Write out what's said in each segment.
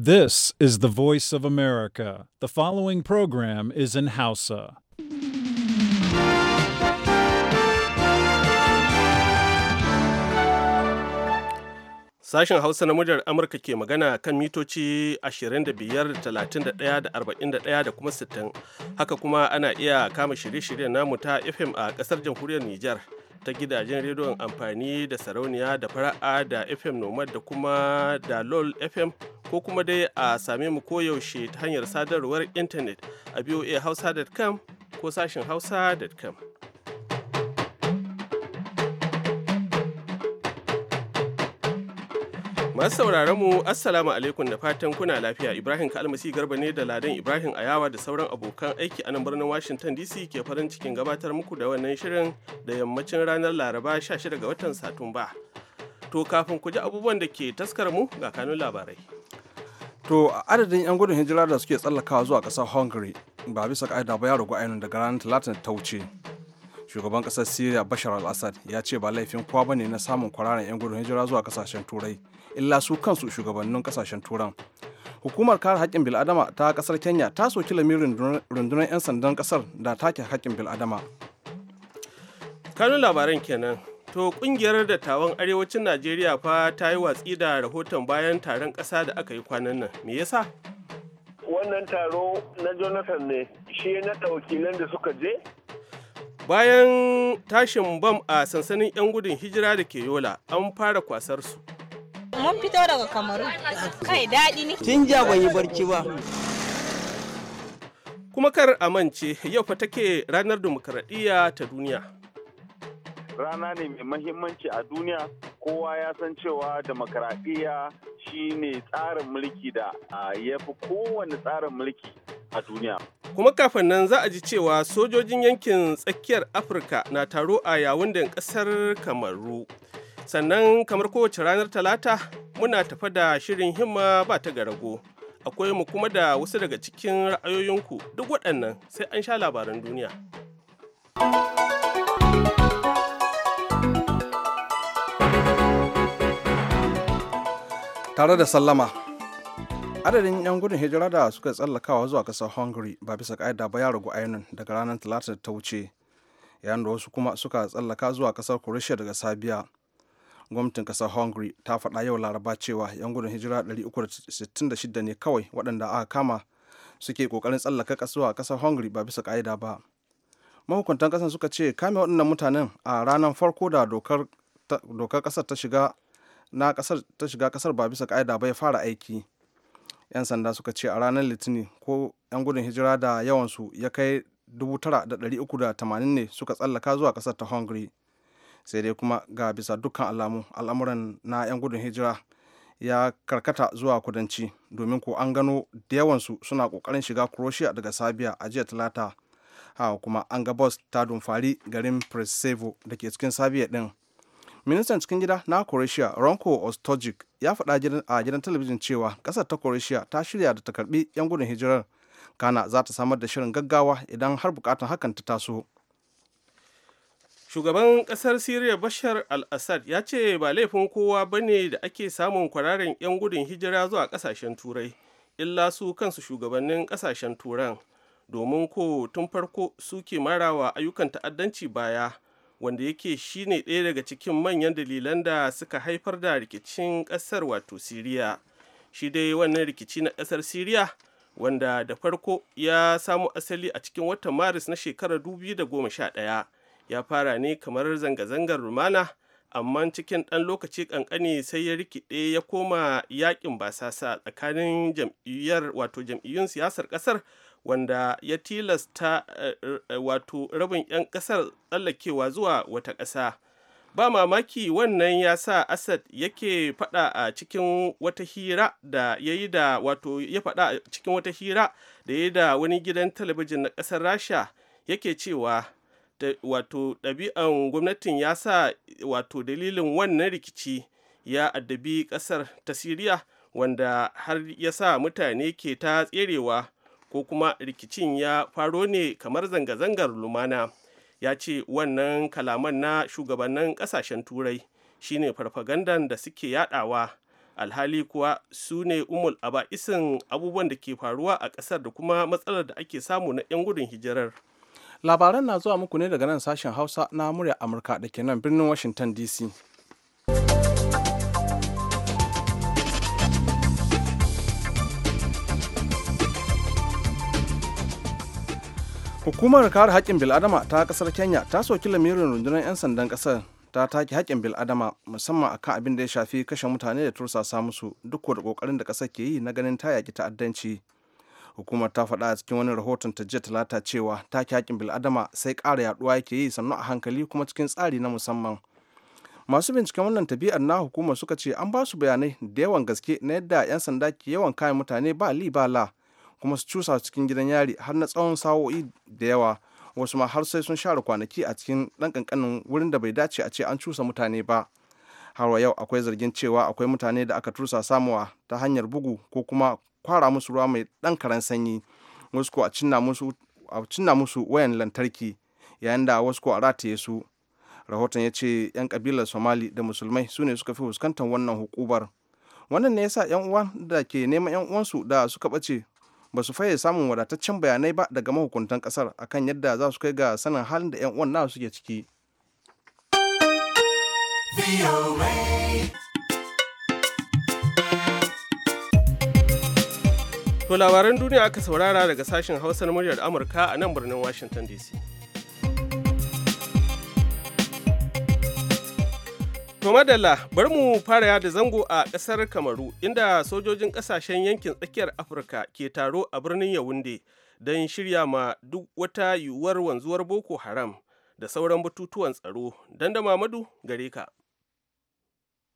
This is the voice of America. The following program is in Hausa. Sashen Hausa na muryar Amurka ke magana kan mitoci 25,31,41 da kuma 60. Haka kuma ana iya kama shirye-shiryen namu ta FM a ƙasar jamhuriyar Nijar. ta gidajen rediyon amfani da sarauniya da fara'a da fm nomad da kuma da lol fm ko kuma dai a same mu koyaushe ta hanyar sadarwar intanet a voa hausa.com ko sashen hausa.com Masu sauraron mu Assalamu alaikum da fatan kuna lafiya Ibrahim Kalmasi Garba ne da Ladan Ibrahim Ayawa da sauran abokan aiki a nan birnin Washington DC ke farin cikin gabatar muku da wannan shirin da yammacin ranar Laraba 16 ga watan Satumba. To kafin ku ji abubuwan da ke taskar mu ga kanun labarai. To adadin 'yan gudun hijira da suke tsallakawa zuwa ƙasar Hungary ba bisa ka'ida ba ya ragu ainihin daga ranar talatin ta wuce. shugaban kasar syria bashar al-assad ya ce ba laifin kowa bane na samun kwararan 'yan gudun hijira zuwa kasashen turai illa su kansu shugabannin kasashen turan hukumar kare haƙƙin bil'adama ta kasar kenya ta soki lamirin rundunar 'yan sandan kasar da take haƙƙin bil'adama kanun labaran kenan to kungiyar dattawan arewacin najeriya fa ta yi watsi da rahoton bayan taron ƙasa da aka yi kwanan nan me yasa wannan taro na jonathan ne shi na wakilan da suka je bayan tashin bam a sansanin 'yan gudun hijira da ke yola an fara kwasar su mun fito daga kamaru kai daɗi ne tun ja ban yi barci ba kuma kar a mance yau fa take ranar dimokuraɗiyya ta duniya rana ne mai mahimmanci a duniya kowa ya san cewa dimokuraɗiyya shine tsarin mulki da ya fi kowane tsarin mulki a duniya kuma kafin nan za a ji cewa sojojin yankin tsakiyar afirka na taro a yawunden kasar kamaru sannan kamar kowace ranar talata muna tafa da shirin himma ba ta garago akwai mu kuma da wasu daga cikin ra'ayoyinku duk waɗannan sai an sha labaran duniya tare da sallama adadin 'yan gudun hijira da suka tsallakawa zuwa kasar hungary ba bisa ka'ida ba ya ragu ainun daga ranar talata da ta wuce yayin da wasu kuma suka tsallaka zuwa kasar croatia daga sabiya gwamnatin kasar hungary ta faɗa yau laraba cewa 'yan gudun hijira 366 ne kawai waɗanda aka kama suke ƙoƙarin tsallaka kasuwa kasar hungary ba bisa ka'ida ba mahukuntan kasar suka ce kame waɗannan mutanen a ranar farko da dokar kasar ta shiga na kasar ta shiga kasar ba bisa ka'ida ba ya fara aiki 'yan sanda suka ce a ranar litinin ko 'yan gudun hijira da yawansu ya kai 9,380 ne suka tsallaka zuwa kasar ta hungary sai dai kuma ga bisa dukkan alamu al'amuran na 'yan gudun hijira ya karkata zuwa kudanci domin ko an gano da yawansu suna kokarin shiga croatia daga sabia a jiya talata ha kuma an ga bus ta dumfari garin presevo da ke cikin sabiya din ministan cikin gida na croatia ronko ostojic ya faɗa a gidan talabijin cewa ƙasar ta croatia ta shirya da ta 'yan gudun hijirar kana za ta samar da shirin gaggawa idan har bukatan hakan ta taso shugaban ƙasar syria bashar al-assad ya ce ba laifin kowa ba ne da ake samun kwararin 'yan gudun hijira zuwa ƙasashen turai illa su kansu shugabannin ƙasashen turan domin ko tun farko suke marawa ayyukan ta'addanci baya wanda yake shi ne ɗaya daga cikin manyan dalilan da suka haifar da rikicin ƙasar wato siriya shi dai wannan rikici na ƙasar siriya wanda da farko ya samo asali a cikin watan maris na shekarar 2011 ya fara ne kamar zanga-zangar rumana amma cikin ɗan lokaci ƙanƙani sai ya rikide ya koma yakin basasa tsakanin jam'iyyar wato jam'iyyun siyasar ƙasar wanda ya tilasta eh, eh, wato rabin 'yan kasar tsallakewa zuwa wata ƙasa ba mamaki wannan ya sa asad yake fada a cikin wata hira da ya yi da wato ya fada a cikin wata hira da ya yi da wani gidan talabijin na ƙasar rasha yake cewa wato ɗabi'an gwamnatin ya sa wato dalilin wannan rikici ya addabi ƙasar ta siriya wanda har ya sa mutane ke ta tserewa ko kuma rikicin ya faro ne kamar zanga-zangar lumana ya ce wannan kalaman na shugabannin kasashen turai shine farfagandan da suke yadawa alhali kuwa su ne umul aba'isin abubuwan da ke faruwa a ƙasar da kuma matsalar da ake samu na 'yan gudun hijirar labaran na zuwa muku ne daga nan sashen hausa na murya amurka da ke nan birnin washington dc hukumar kare haƙƙin bil'adama ta ƙasar kenya ta soki lamirin rundunar 'yan sandan ƙasar ta take haƙƙin bil'adama musamman akan abin da ya shafi kashe mutane da tursasa musu duk da ƙoƙarin da ƙasar ke yi na ganin ta yaƙi ta'addanci hukumar ta faɗa a cikin wani rahoton ta jiya talata cewa take haƙƙin bil'adama sai ƙara yaɗuwa yake yi sannu a hankali kuma cikin tsari na musamman masu binciken wannan tabi'ar na hukumar suka ce an ba su bayanai da yawan gaske na yadda 'yan sanda ke yawan kayan mutane ba li ba la kuma su cusa cikin gidan yari har na tsawon sa'o'i da yawa wasu ma har sai sun share kwanaki a cikin ɗan kankanin wurin da bai dace a ce an cusa mutane ba har yau akwai zargin cewa akwai mutane da aka tursa samuwa ta hanyar bugu ko kuma kwara musu ruwa mai ɗan karan sanyi wasu ko a cinna musu wayan lantarki yayin da wasu ko a rataye su rahoton ya ce 'yan kabilar somali da musulmai su ne suka fi fuskantar wannan hukubar wannan ne yasa 'yan uwan da ke neman 'yan uwansu da suka bace. ba su faye samun wadataccen bayanai ba daga mahukuntan kasar akan yadda za su kai ga sanin halin da 'yan uwan suke ciki To labaran duniya aka saurara daga sashen hausar muryar Amurka a nan birnin Washington DC. To madalla bari mu fara yada zango a ƙasar Kamaru inda sojojin ƙasashen yankin tsakiyar Afirka ke taro a birnin Yawunde don shirya ma duk wata yiwuwar wanzuwar Boko Haram da sauran batutuwan tsaro. Danda Mamadu gare ka.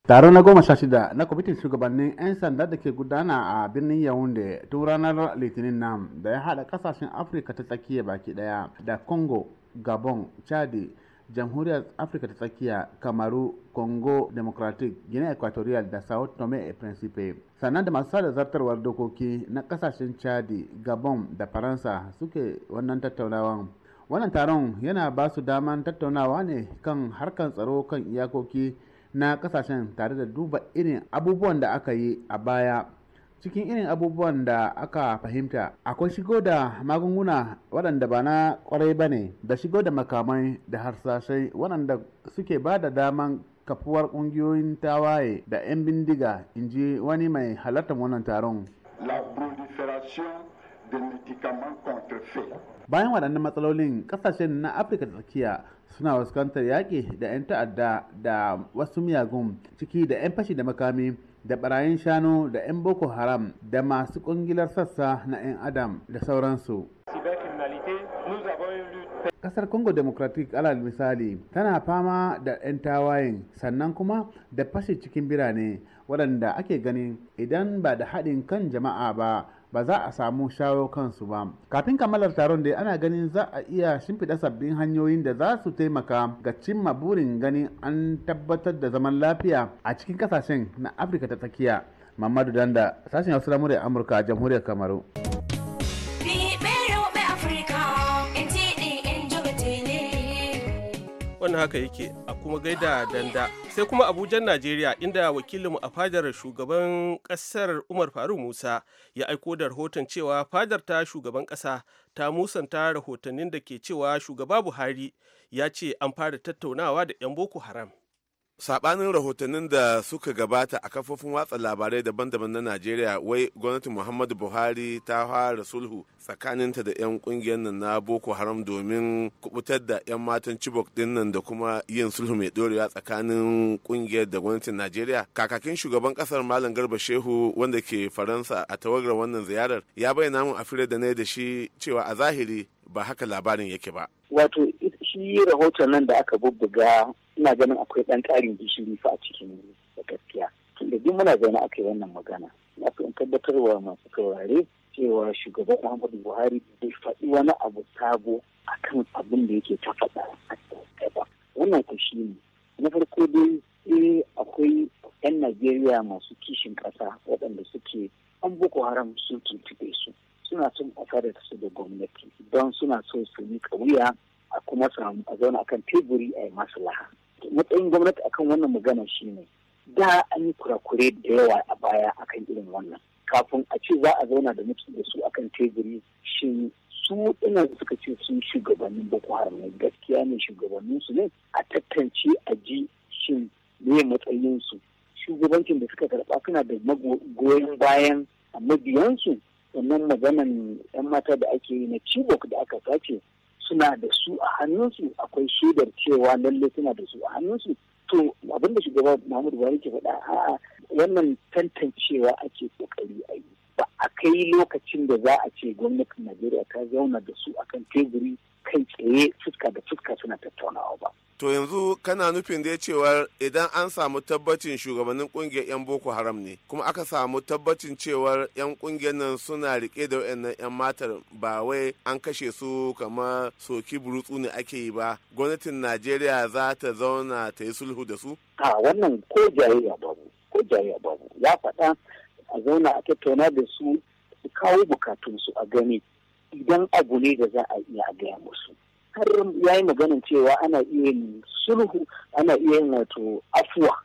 Taro na goma sha shida na kwamitin shugabannin 'yan sanda da ke gudana a birnin Yaounde tun ranar Litinin nan da ya haɗa ƙasashen Afirka ta tsakiya baki ɗaya da Congo, Gabon, Chadi, jamhuriyar afirka ta tsakiya kamaru congo democratic guinea equatorial da sao tome e principe sannan da masu sada zartarwar dokoki na kasashen chadi gabon da faransa suke wannan tattaunawan wannan taron yana ba su daman tattaunawa ne kan harkar tsaro kan iyakoki na kasashen tare da duba irin abubuwan da aka yi a baya cikin irin abubuwan da aka fahimta akwai shigo da magunguna waɗanda ba na kwarai ba ne da shigo da makamai da harsashai waɗanda suke ba da daman kafuwar ƙungiyoyin tawaye da 'yan bindiga in ji wani mai halartar wannan taron bayan waɗannan matsalolin ƙasashen na afirka tsakiya suna fuskantar yaƙi da 'yan ta'adda da wasu miyagun ciki da 'yan fashi da makami da barayin shanu da 'yan boko haram da masu kungilar sassa na 'yan adam da sauransu kasar congo democratic alal misali tana fama da 'yan tawayen sannan kuma da fashe cikin birane waɗanda ake ganin idan ba da haɗin kan jama'a ba ba za a samu shawo kansu ba kafin kamalar taron da ana ganin za a iya shimfiɗa sabbin hanyoyin da za su taimaka ga cimma burin ganin an tabbatar da zaman lafiya a cikin kasashen na afirka ta tsakiya mamadu danda sashen wasu da amurka jamhuriyar kamaru wani haka yake a kuma gaida danda sai kuma abujan najeriya inda wakilinmu a fadar shugaban kasar umar faruk musa ya aiko da rahoton cewa fadar ta shugaban kasa ta musanta rahotannin da ke cewa shugaba buhari ya ce an fara tattaunawa da 'yan boko haram sabanin rahotannin da suka gabata a kafofin watsa labarai daban-daban na najeriya wai gwamnatin muhammadu buhari ta fara sulhu tsakaninta da 'yan kungiyar nan na boko haram domin kubutar da 'yan matan chibok din nan da kuma yin sulhu mai dorewa tsakanin kungiyar da gwamnatin najeriya kakakin shugaban kasar malam garba shehu wanda ke faransa a tawagar wannan ziyarar ya bayyana mun a fira da na da shi cewa a zahiri ba haka labarin yake ba wato shi rahoton nan da aka bubbuga ina ganin akwai ɗan ƙarin gishiri fa a cikin da gaskiya tunda duk muna zaune a kai wannan magana na fi tabbatarwa masu saurare cewa shugaban muhammadu buhari bai faɗi wani abu sabo akan abin da yake ta faɗa a ba wannan ku shi ne na farko dai sai eh, akwai 'yan najeriya masu kishin ƙasa waɗanda suke an boko haram sun tuntuɓe su suna son a da su da gwamnati don suna so su yi wuya a kuma samu a zauna akan teburi a yi masu laha matsayin gwamnati akan wannan magana shine da an yi kurakure da yawa a baya akan irin wannan kafin a ce za a zauna da mutum da su akan teburi shi su ina suka ce sun shugabannin boko haram ne gaskiya ne shugabannin su ne a tattance a ji shi ne matsayin su shugabancin da suka karba suna da goyon bayan a mabiyansu sannan maganan yan mata da ake yi na cibok da aka sace suna da su a hannunsu akwai shaidar cewa lalle suna da su a hannunsu to abinda shugaba muhammadu buhari ke faɗa a'a wannan tantancewa ake kokari a yi ba a kai lokacin da za a ce gwamnatin najeriya ta zauna da su akan teburi kai tsaye fuska da fuska suna tattaunawa ba to yanzu kana nufin dai cewa idan an samu tabbacin shugabannin kungiyar 'yan boko haram ne kuma aka samu tabbacin cewar 'yan kungiyar nan suna rike da wayannan 'yan matar ba wai an kashe su kamar soki burutsu ne ake yi ba gwamnatin najeriya za ta zauna ta yi sulhu da su a wannan ko jayayya babu ko jayayya babu ya faɗa a zauna a tattauna da su su kawo bukatunsu a gani idan abu ne da za a iya a gaya musu har ya yi maganin cewa ana iya yin sulhu ana iya yin wato afuwa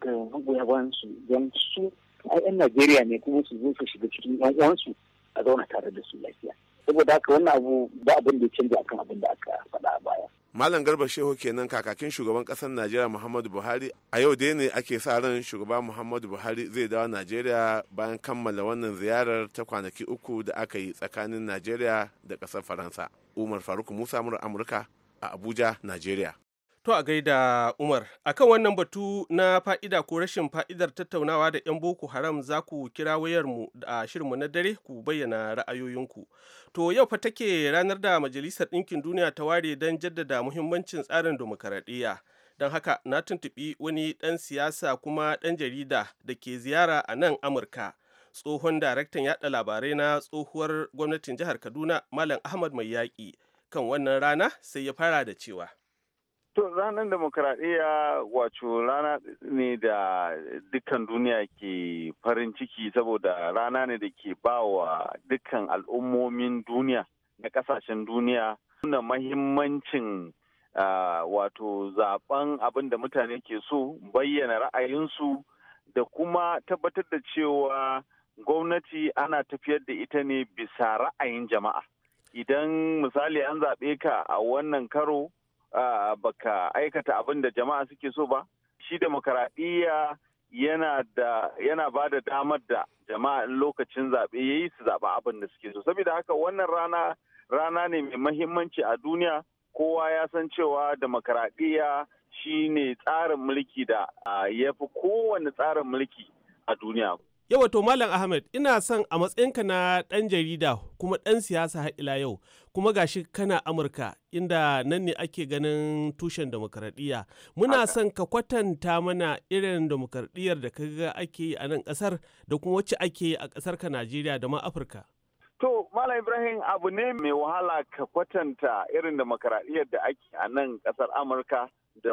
ga magoyawansu don su a yan najeriya ne kuma su zo su shiga cikin yan uwansu a zauna tare da su lafiya saboda haka wannan abu ba abin da ya canja akan abin da aka Malam Garba Shehu kenan kakakin shugaban ƙasar Najeriya Muhammadu Buhari a yau dai ne ake sa ran shugaba Muhammadu Buhari zai dawo Najeriya bayan kammala wannan ziyarar ta kwanaki uku da aka yi tsakanin Najeriya da ƙasar Faransa. Umar Faruk Musa Amurka a Abuja, Najeriya. To a gaida Umar, a kan wannan batu na fa'ida ko rashin fa'idar tattaunawa da 'yan Boko Haram za ku kira wayarmu a shirinmu na dare ku bayyana ra'ayoyinku. To yau fa take ranar da Majalisar Ɗinkin Duniya ta ware don jaddada muhimmancin tsarin dimokuraɗiyya. Don haka na tuntuɓi wani ɗan siyasa kuma ɗan jarida da ke ziyara a nan Amurka. Tsohon daraktan yaɗa labarai na tsohuwar gwamnatin jihar Kaduna, Malam Ahmad Mai Yaƙi, kan wannan rana sai ya fara da cewa. To ranar demokradiyya wato rana ne da dukkan duniya ke farin ciki saboda rana ne da ke ba wa dukkan al'ummomin duniya na kasashen duniya nuna mahimmancin wato zaben abin da mutane ke so bayyana ra'ayinsu da kuma tabbatar da cewa gwamnati ana tafiyar da ita ne bisa ra'ayin jama'a. Idan misali an zaɓe ka a wannan karo baka aikata abin da jama'a suke so ba shi demokaradiyya yana da yana ba da damar da jama'a lokacin zaɓe ya yi su zaɓa abin da suke so saboda haka wannan rana rana ne mai mahimmanci a duniya kowa ya san cewa demokaradiyya shi ne tsarin mulki da ya fi kowane tsarin mulki a duniya yau to Malam Ahmed ina son a matsayinka na ɗan jarida kuma ɗan siyasa har ila yau kuma gashi kana Amurka inda nan ne ake ganin tushen demokradiyya Muna son ka kwatanta mana irin demokradiyyar da kaga ake yi a nan ƙasar da kuma wacce ake yi a ƙasar ka Najeriya da ma Afirka. To, Malam Ibrahim abu ne mai wahala ka kwatanta irin demokradiyyar da ake a nan ƙasar Amurka da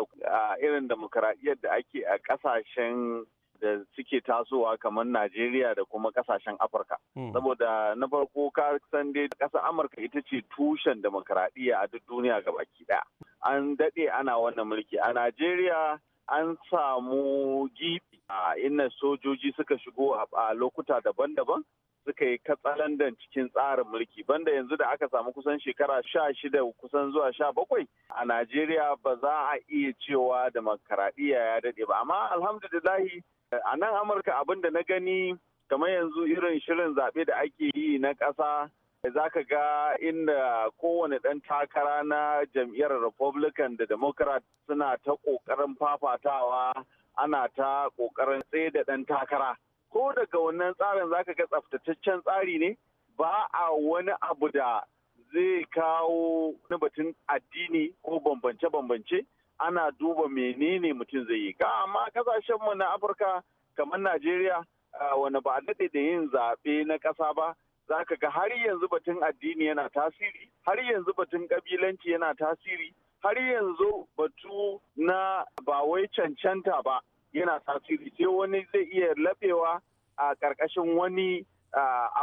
irin demokradiyyar da ake a ƙasashen da suke tasowa kamar Najeriya da kuma kasashen Afirka. Hmm. Saboda na farko ka san dai ƙasar Amurka ita ce tushen demokaradiyya a duk duniya gabaki ɗaya. An daɗe ana wannan mulki. A Najeriya an samu gibi a inna sojoji suka shigo a lokuta daban-daban suka yi katsalandan cikin tsarin mulki banda yanzu da aka samu kusan shekara sha shida kusan zuwa sha bakwai a najeriya ba za a iya cewa da ya daɗe ba amma alhamdulillahi A nan Amurka abin da na gani kamar yanzu irin shirin zaɓe da ake yi na ƙasa za ka ga inda kowane ɗan takara na jam'iyyar Republican da Democrat suna ta ƙoƙarin fafatawa ana ta ƙoƙarin tsaye da ɗan takara. Ko daga wannan tsarin za ka ga tsaftataccen tsari ne ba a wani abu da zai kawo na batun addini ko bambance-bambance. ana duba menene mutum zai yi ga amma kasashenmu na afirka kamar najeriya wani ba a daɗe da yin zaɓe na ƙasa ba za ka ga har yanzu batun addini yana tasiri har yanzu batun ƙabilanci yana tasiri har yanzu batu na ba wai cancanta ba yana tasiri sai wani zai iya laɓewa a ƙarƙashin wani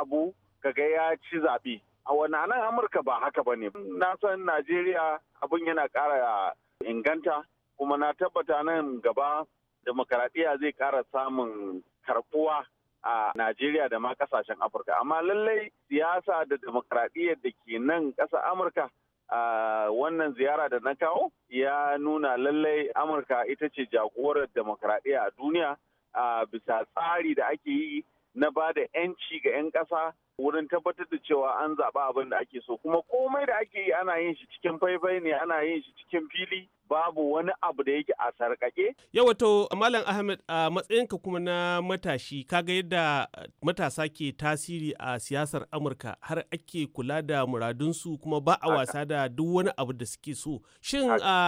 abu kaga ya ci zaɓe a wani nan amurka ba haka ba ne na san najeriya abin yana ƙara inganta kuma na tabbata nan gaba demokaradiyya zai kara samun karbuwa a Najeriya da ma kasashen Afirka. Amma lallai siyasa da demokaradiyyar da ke nan ƙasa Amurka a wannan ziyara da na kawo ya nuna lallai Amurka ita ce jagorar demokaradiyya a duniya a bisa tsari da ake yi na ba da 'yanci ga 'yan ƙasa wurin tabbatar da cewa an zaɓa abin da ake so kuma komai da ake yi ana yin shi cikin faifai ne ana yin shi cikin fili babu wani abu da yake a sarƙaƙe. Yau wato Malam Ahmed a matsayinka kuma na matashi kaga yadda matasa ke tasiri a siyasar Amurka har ake kula da muradunsu kuma ba a wasa da duk wani abu da suke so. Shin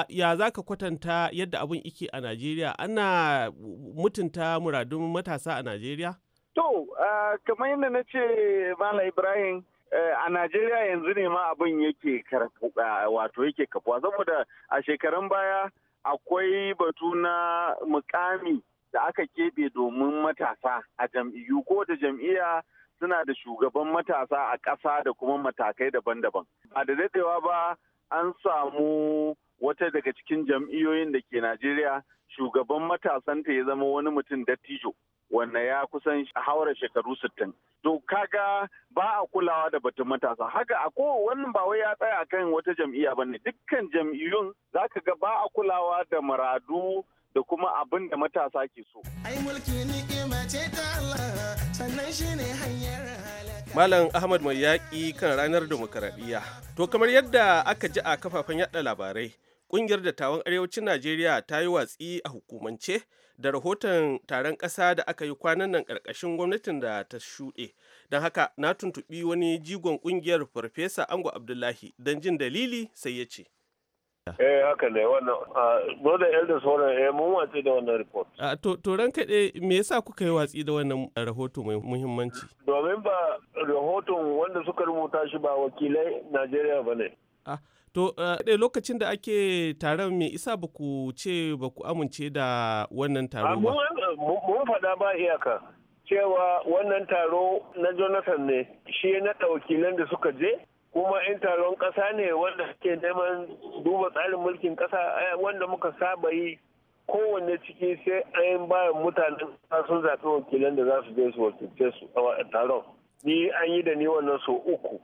ya za ka kwatanta yadda abin ike a Najeriya ana mutunta muradun matasa a Najeriya? To, kamar yadda na ce Malam Ibrahim a Najeriya yanzu ne ma abin yake wato yake kafuwa saboda a shekarun baya akwai batu na mukami da aka keɓe domin matasa a jam'iyyu ko da jam'iyya suna da shugaban matasa a ƙasa da kuma matakai daban-daban. A da daɗewa ba an samu wata daga cikin jam'iyyoyin da ke Najeriya shugaban matasanta ya zama wani mutum dattijo. wanda ya kusan haura shekaru 60 to kaga ba a kulawa da batun matasa haka a ko wannan ba wai ya tsaya akan wata jam'iyya bane dukkan jam'iyyun ka ga ba a kulawa da maradu da kuma abin da matasa ke so. Ai Malam Ahmad mai yaƙi kan ranar demokaradiyya. To kamar yadda aka ji a kafafen yaɗa labarai, ƙungiyar dattawan arewacin Najeriya ta yi watsi a hukumance da rahoton taron ƙasa da aka yi kwanan nan ƙarƙashin gwamnatin da ta shuɗe don haka na tuntuɓi wani jigon ƙungiyar farfesa ango abdullahi don jin dalili sai ya ce Eh haka ne wannan dole elder sauran eh mun watsi da wannan report. A to ran kade me yasa kuka yi watsi da wannan rahoto mai muhimmanci? Domin ba rahoton wanda suka rubuta shi ba wakilai Najeriya ba ne. Ah, To, eh, da lokacin da ake taron mai isa ba ku ce ba ku amince da wannan taro ba? Mun faɗa ba iyaka cewa wannan taro na Jonathan ne shi na wakilan da suka je kuma in taron ƙasa ne wanda suke neman duba tsarin mulkin ƙasa eh, wanda muka saba yi kowanne ciki sai an bayan mutanen sun zaɓi wakilan da za su je su wakilce su a taron. Ni an yi da ni wannan so uku.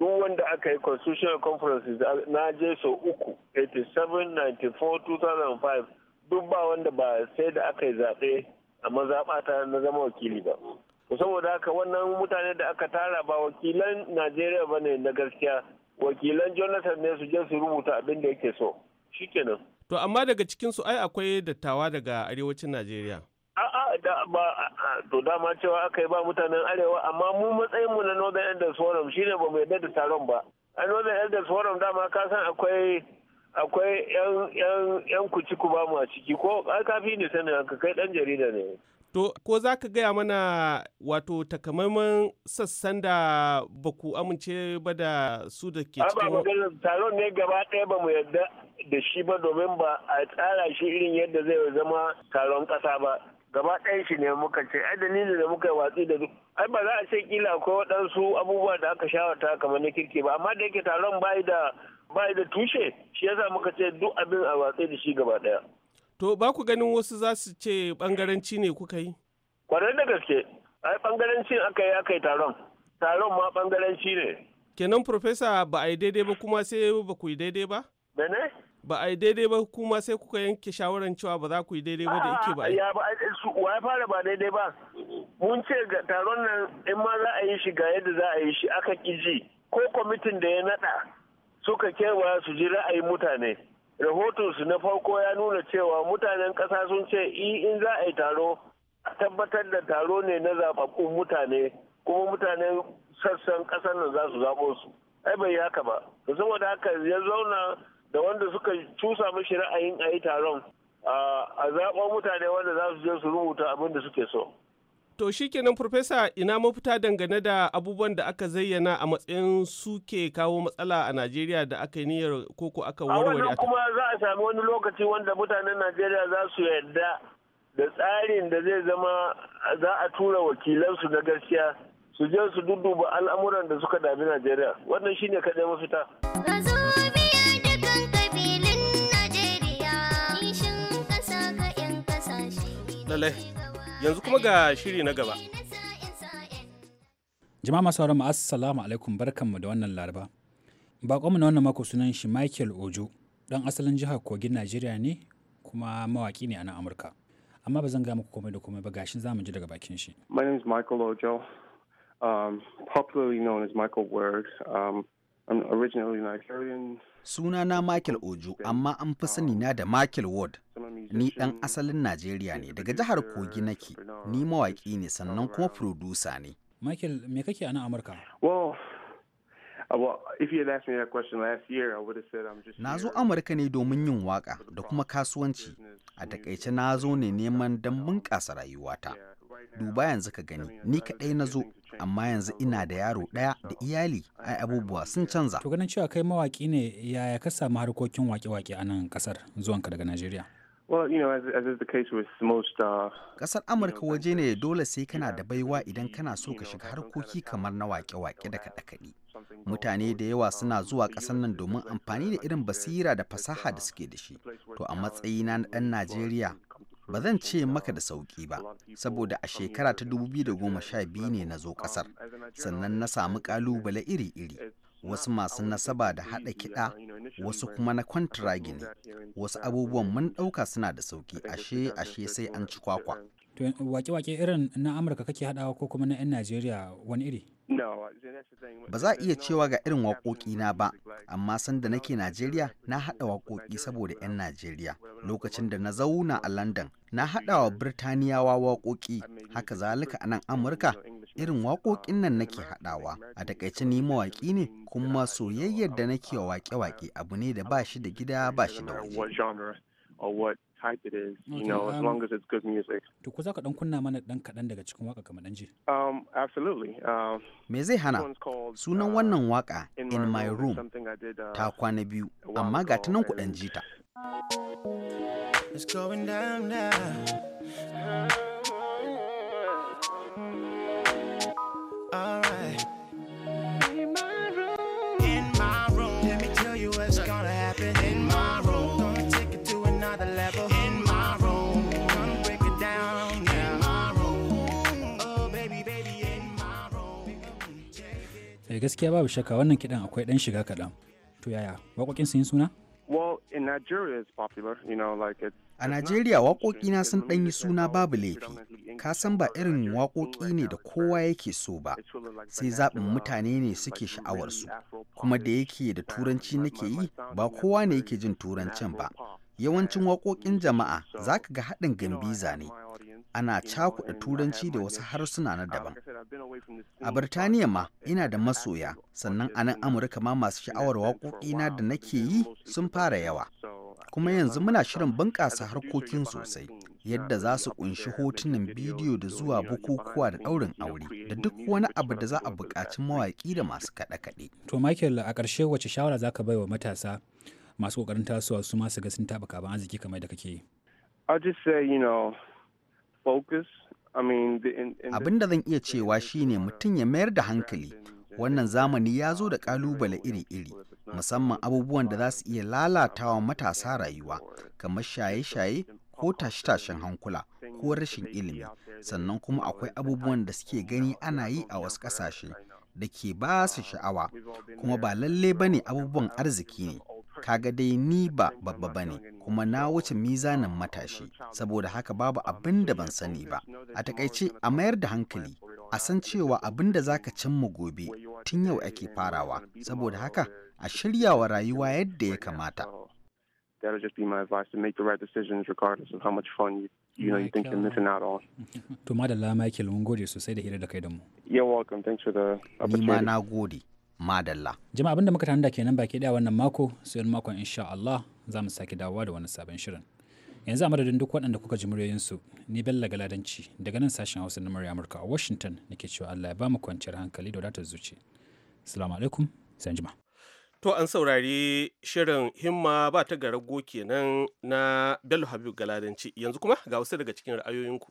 duk wanda aka yi constitutional conferences na je sau uku 87 94 2005 duk ba wanda ba sai da aka yi zaɓe a mazaɓata na zama wakili ba saboda haka wannan mutane da aka tara ba wakilan najeriya ba ne na gaskiya wakilan jonathan ne su je su rubuta abin da yake so shikenan to amma daga cikinsu ai akwai dattawa daga arewacin najeriya da ba to dama cewa aka yi ba mutanen arewa amma mu matsayin mu na northern elders forum shine ba mu yadda da taron ba a northern elders forum dama ka san akwai akwai yan yan kuci ku ba mu a ciki ko fi ne sanin ka kai dan jarida ne To, ko za ka gaya mana wato takamaiman sassan da ba ku amince ba da su da ke cikin... Ba taron ne gaba ɗaya ba mu yadda da shi ba domin ba a tsara shi irin yadda zai zama taron ƙasa ba. gaba ɗayan shi ne muka ce ai dalilin da muka yi watsi da duk ai ba za a ce kila akwai waɗansu abubuwa da aka shawarta kamar na kirki ba amma da yake taron bai da bai da tushe shi yasa muka ce duk abin a watsi da shi gaba ɗaya. to ba ku ganin wasu za su ce bangaranci ne kuka yi. kwarai da gaske ai bangarancin aka yi aka yi taron taron ma bangaranci ne. kenan profesa ba a yi daidai ba kuma sai ba ku yi daidai ba. mene. ba a yi daidai ba kuma sai kuka yanke shawaran cewa ba za ku yi daidai ba da yake ba ya ba eh, wa ya fara ba daidai ba mun ce ga taron nan in ma za a yi shi ga yadda za a yi shi aka ji. ko kwamitin da ya naɗa. suka kewa su ji ra'ayin mutane rahoton su na farko ya nuna cewa mutanen kasa sun ce in za a yi taro a tabbatar da taro ne na zababbun mutane kuma mutanen sassan kasar nan za su zaɓo su ai bai yi haka ba saboda haka ya zauna da wanda suka cusa mashi ra'ayin a yi taron a zaɓo mutane wanda za su je su rubuta abin da suke so. To shi kenan Profesa ina mafita dangane da abubuwan da aka zayyana a matsayin suke kawo matsala a Najeriya da aka yi niyyar koko aka warware. A kuma za a sami wani lokaci wanda mutanen Najeriya za su yarda da tsarin da zai zama za a tura wakilansu na gaskiya su je su dudduba al'amuran da suka dami Najeriya. Wannan shine kaɗai mafita. Lalai, yanzu kuma ga shiri na gaba. Jama'a masu mu assalamu alaikum barkanmu da wannan laraba. Bakonmu na wannan mako sunan shi Michael Ojo, dan asalin jihar Kogin Najeriya ne kuma mawaƙi ne a nan Amurka. Amma ba zan ga muku komai da komai ba gashin za ji daga bakin shi. My name is Michael Ojo, um, popularly known as Michael Word. Um, I'm originally Nigerian. suna na Michael Ojo, amma an fi sani na da Michael Ward. Ni ɗan asalin Najeriya ne, daga jihar Kogi nake, ni mawaƙi ne sannan kuma furodusa ne. Michael, me kake a nan Amurka? Uh, na zo Amurka ne domin yin waƙa da kuma kasuwanci. A takaice na zo ne neman don bunƙasa rayuwata. Duba yanzu ka gani, ni kaɗai na zo amma yanzu ina da yaro ɗaya da iyali ai abubuwa sun canza to ganin cewa kai mawaki ne yaya ka samu harkokin wake-wake a nan kasar zuwanka daga najeriya uh, Ƙasar Amurka waje ne dole sai kana da baiwa idan kana so ka shiga harkoki kamar na wake-wake da kaɗe-kaɗe. Mutane da yawa suna zuwa ƙasar nan domin amfani da irin basira da fasaha da suke da shi. To a matsayina na ɗan Najeriya ba zan ce maka da sauƙi ba saboda a shekara ta 2012 ne na zo ƙasar sannan na samu ƙalubale iri-iri wasu masu nasaba da haɗa kiɗa wasu kuma na kwantiragi ne wasu abubuwan mun ɗauka suna da sauƙi ashe ashe sai an ci kwakwa To wake-wake irin na Amurka kake haɗawa ko kuma na 'yan Najeriya wani iri? Ba za a iya cewa ga irin waƙoƙi na ba, amma sanda nake Najeriya na haɗa waƙoƙi saboda 'yan Najeriya. Lokacin da na zauna a London, na haɗa wa Birtaniyawa waƙoƙi, haka zalika a nan Amurka irin waƙoƙin nan nake haɗawa. A takaice ni mawaƙi ne, kuma soyayyar da nake wa waƙe-waƙe abu ne da ba shi da gida ba shi da waje. type it is, you okay, know, um, as long as it's good music. To ko za ka dan kunna mana dan kadan daga cikin waka kamar dan ji? Um, absolutely. Um, Me zai hana? Sunan uh, wannan waka In My Room uh, ta kwana biyu, amma ga tunan ku dan ji ta. It's going down now. All right. Eh, gaskiya babu shakka wannan kidan akwai dan shiga kaɗan. To yaya waƙoƙin sun yi suna? in Nigeria is popular, you know, like A Najeriya waƙoƙina sun ɗan yi suna babu laifi, ka san ba irin waƙoƙi ne da kowa yake so ba, sai zaɓin mutane ne suke sha'awarsu, kuma da yake da turanci nake yi ba kowa ne yake jin turancin ba. Yawancin waƙoƙin jama'a za ka ga haɗin gambiza ne, ana cakuɗa turanci da wasu harsuna na daban a birtaniya ma ina da masoya sannan a nan amurka ma masu sha'awar waƙoƙina da nake yi sun fara yawa kuma yanzu muna shirin bunƙasa harkokin sosai yadda za su ƙunshi hotunan bidiyo da zuwa bukukuwa da ɗaurin aure da duk wani abu da za a buƙaci mawaƙi da masu kaɗe-kaɗe. to michael a ƙarshe wace shawara za ka baiwa matasa masu ƙoƙarin tasowa su masu ga sun taɓa kaban arziki kamar da kake yi. I'll just say, you know, Abin da zan iya cewa shine mutum ya mayar da hankali. Wannan zamani ya zo da kalubale iri-iri, musamman abubuwan da za su iya lalatawa matasa rayuwa, kamar shaye-shaye ko tashe-tashen hankula ko rashin ilimi, sannan kuma akwai abubuwan da suke gani ana yi a wasu ƙasashe da ke ba su sha'awa, kuma ba lalle ba ne abubuwan arziki ne. kaga dai ni ba babba ba ne kuma na wuce mizanin matashi saboda haka babu abin da ban sani ba a takaice a mayar da hankali a san cewa abin da zaka cimma gobe tun yau ake farawa saboda haka a shirya wa rayuwa yadda ya kamata that'll da lama yake advice gode sosai da hira da kai da mu. Ni ma na gode. madalla jama'a abinda muka tanda kenan baki daya wannan mako sai makon insha Allah za mu sake dawowa da wani sabon shirin yanzu a madadin duk waɗanda kuka ji muryoyinsu ni bella galadanci daga nan sashen hausa na murya amurka a washington nake cewa allah ya ba mu kwanciyar hankali da wadatar zuci salamu alaikum sai jima to an saurari shirin himma ba ta garago kenan na bello habib galadanci yanzu kuma ga wasu daga cikin ra'ayoyinku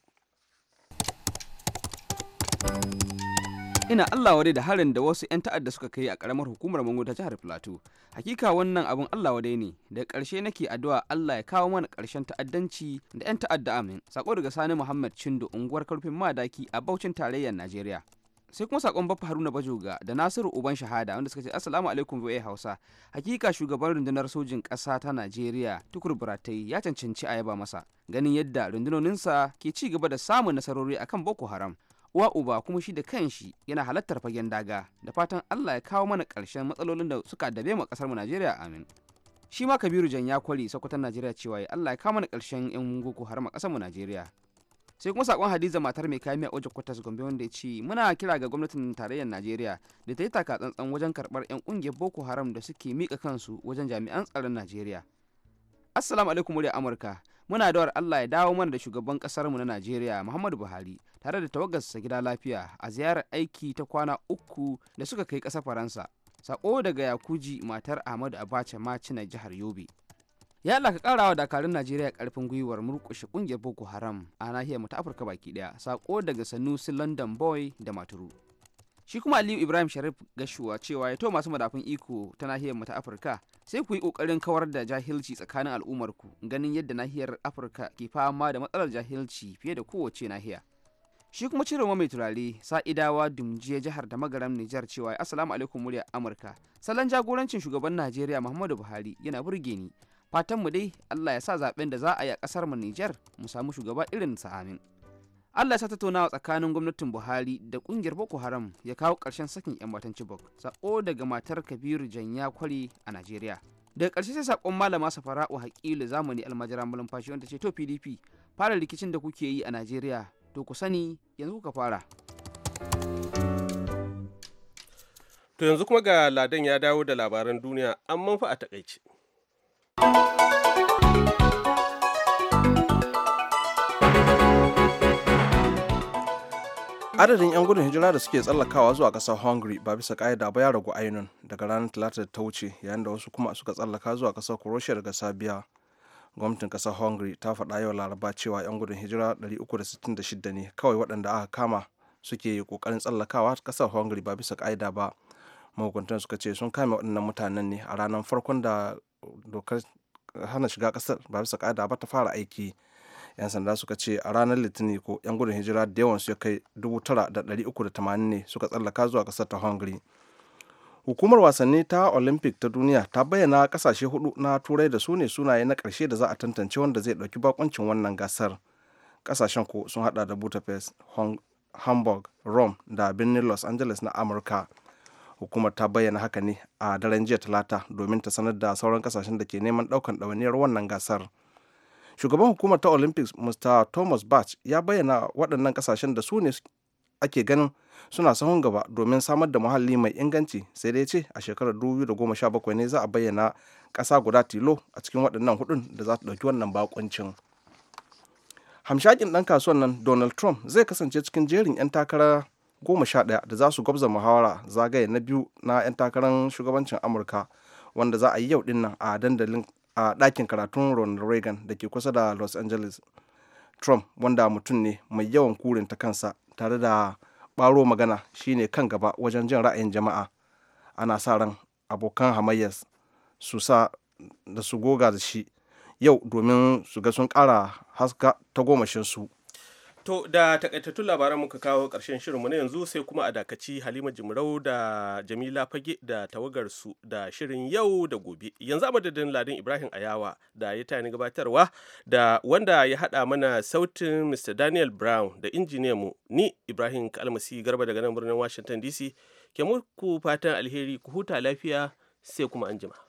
ina Allah wadai da harin da wasu 'yan ta'adda suka kai a karamar hukumar Mango ta jihar Filato. Hakika wannan abin Allah wadai ne. Da ƙarshe nake addu'a Allah ya kawo mana ƙarshen ta'addanci da 'yan ta'adda amin. Sako daga Sani Muhammad Chindo unguwar Karfin Madaki a baucin tarayyar Najeriya. sai kuma sakon baffa haruna bajoga da nasiru uban shahada wanda suka ce assalamu alaikum hausa hakika shugaban rundunar sojin kasa ta najeriya tukur buratai ya cancanci a yaba masa ganin yadda rundunoninsa ke ci gaba da samun nasarori akan boko haram uwa uba kuma shi da kanshi yana halartar fagen daga da fatan Allah ya kawo mana ƙarshen matsalolin da suka dabe mu ƙasar mu Najeriya amin shi ma Kabiru Jan ya kwari sakwatan Najeriya cewa Allah ya kawo mana ƙarshen yan boko haram a ƙasar mu Najeriya sai kuma sakon Hadiza matar mai kayan miya Ojo Kwatas Gombe wanda ya ce muna kira ga gwamnatin tarayyar Najeriya da ta yi taka tsantsan wajen karɓar yan ƙungiyar Boko Haram da suke mika kansu wajen jami'an tsaron Najeriya Assalamu alaikum muryar Amurka. Muna dawar Allah ya dawo mana da shugaban kasarmu na Najeriya Muhammadu Buhari tare da tawagarsa gida lafiya a ziyarar aiki ta kwana uku da suka kai ƙasar Faransa. Sako daga Yakuji matar Ahmadu Abacha Macina jihar Yobe. ya Allah ka karawa dakarun Najeriya karfin gwiwar murkushe kungiyar Boko Haram a nahiyar mu ta Afirka baki ɗaya, sako daga Sanusi London Boy da Maturu shi kuma aliyu ibrahim sharif gashuwa cewa ya to masu madafin iko ta nahiyar mu ta afirka sai ku yi kokarin kawar da jahilci tsakanin al'ummar ku ganin yadda nahiyar afirka ke fama da matsalar jahilci fiye da kowace nahiya shi kuma cire mai turare sa'idawa dumjiya jihar da magaram nijar cewa assalamu alaikum murya amurka salon jagorancin shugaban najeriya muhammadu buhari yana burge ni fatan mu dai allah ya sa zaben da za a yi a kasar mu nijar mu samu shugaba irin sa amin Allah ya sa tattaunawa tsakanin gwamnatin Buhari da kungiyar Boko Haram ya kawo ƙarshen sakin 'yan matan Chibok, sako daga matar Kabiru Janya Kwari a Najeriya. Daga karshe sai sakon malama Safara'u Haƙilu zamani almajira fashi wanda ce to PDP fara rikicin da kuke yi a Najeriya to ku sani yanzu kuka fara. To yanzu kuma ga Ladan ya dawo da labaran duniya amma fa a takaice. adadin 'yan gudun hijira da suke tsallakawa zuwa kasar hungary ba bisa ka'ida ba ya ragu ainun daga ranar talata da ta wuce yayin da wasu kuma suka tsallaka zuwa kasar croatia daga sabiya gwamnatin kasar hungary ta faɗa yau laraba cewa 'yan gudun hijira 366 ne kawai waɗanda aka kama suke kokarin tsallakawa kasar hungary ba bisa ka'ida ba mahukuntan suka ce sun kame waɗannan mutanen ne a ranar farkon da dokar hana shiga kasar ba bisa ka'ida ba ta fara aiki 'yan sanda suka ce a ranar litinin ko 'yan gudun hijira da yawan su ya kai 9,380 ne suka tsallaka zuwa kasar ta hungary hukumar wasanni ta olympic ta duniya ta bayyana kasashe hudu na turai da su ne sunaye na karshe da za a tantance wanda zai dauki bakuncin wannan gasar kasashen ko sun hada da budapest hamburg rome da birnin los angeles na amurka hukumar ta bayyana haka ne a daren jiya talata domin ta sanar da sauran kasashen da ke neman daukan ɗawainiyar wannan gasar shugaban hukumar ta olympics mr thomas bach ya bayyana waɗannan ƙasashen da su ne ake ganin suna sahun gaba domin samar da muhalli mai inganci sai dai ce a shekarar 2017 ne za a bayyana ƙasa guda tilo a cikin waɗannan hudun da za ta ɗauki wannan bakuncin hamshakin ɗan kasuwan nan donald trump zai kasance cikin jerin 'yan takara goma ɗaya da za su gwabza muhawara zagaye na biyu na 'yan takarar shugabancin amurka wanda za a yi yau dinnan a dandalin a ɗakin karatun ronald reagan da ke kusa da los angeles trump wanda mutum ne mai yawan kurin ta kansa tare da ɓaro magana shine kan gaba wajen jin ra'ayin jama'a ana sa ran abokan hamayyar su sa da su goga da shi yau domin su ga sun ƙara haska ta gomashin su To da takaitattun labaran muka kawo ƙarshen shirinmu na yanzu sai kuma a dakaci Halima Jimrau da Jamila Fage da tawagarsu da shirin yau da gobe. Yanzu a madadin Ladin Ibrahim Ayawa da ya ni gabatarwa da wanda ya hada mana sautin Mr. Daniel Brown da mu ni Ibrahim Kalmasi Garba daga nan birnin Washington DC. Ke muku fatan alheri ku huta lafiya sai kuma anjima.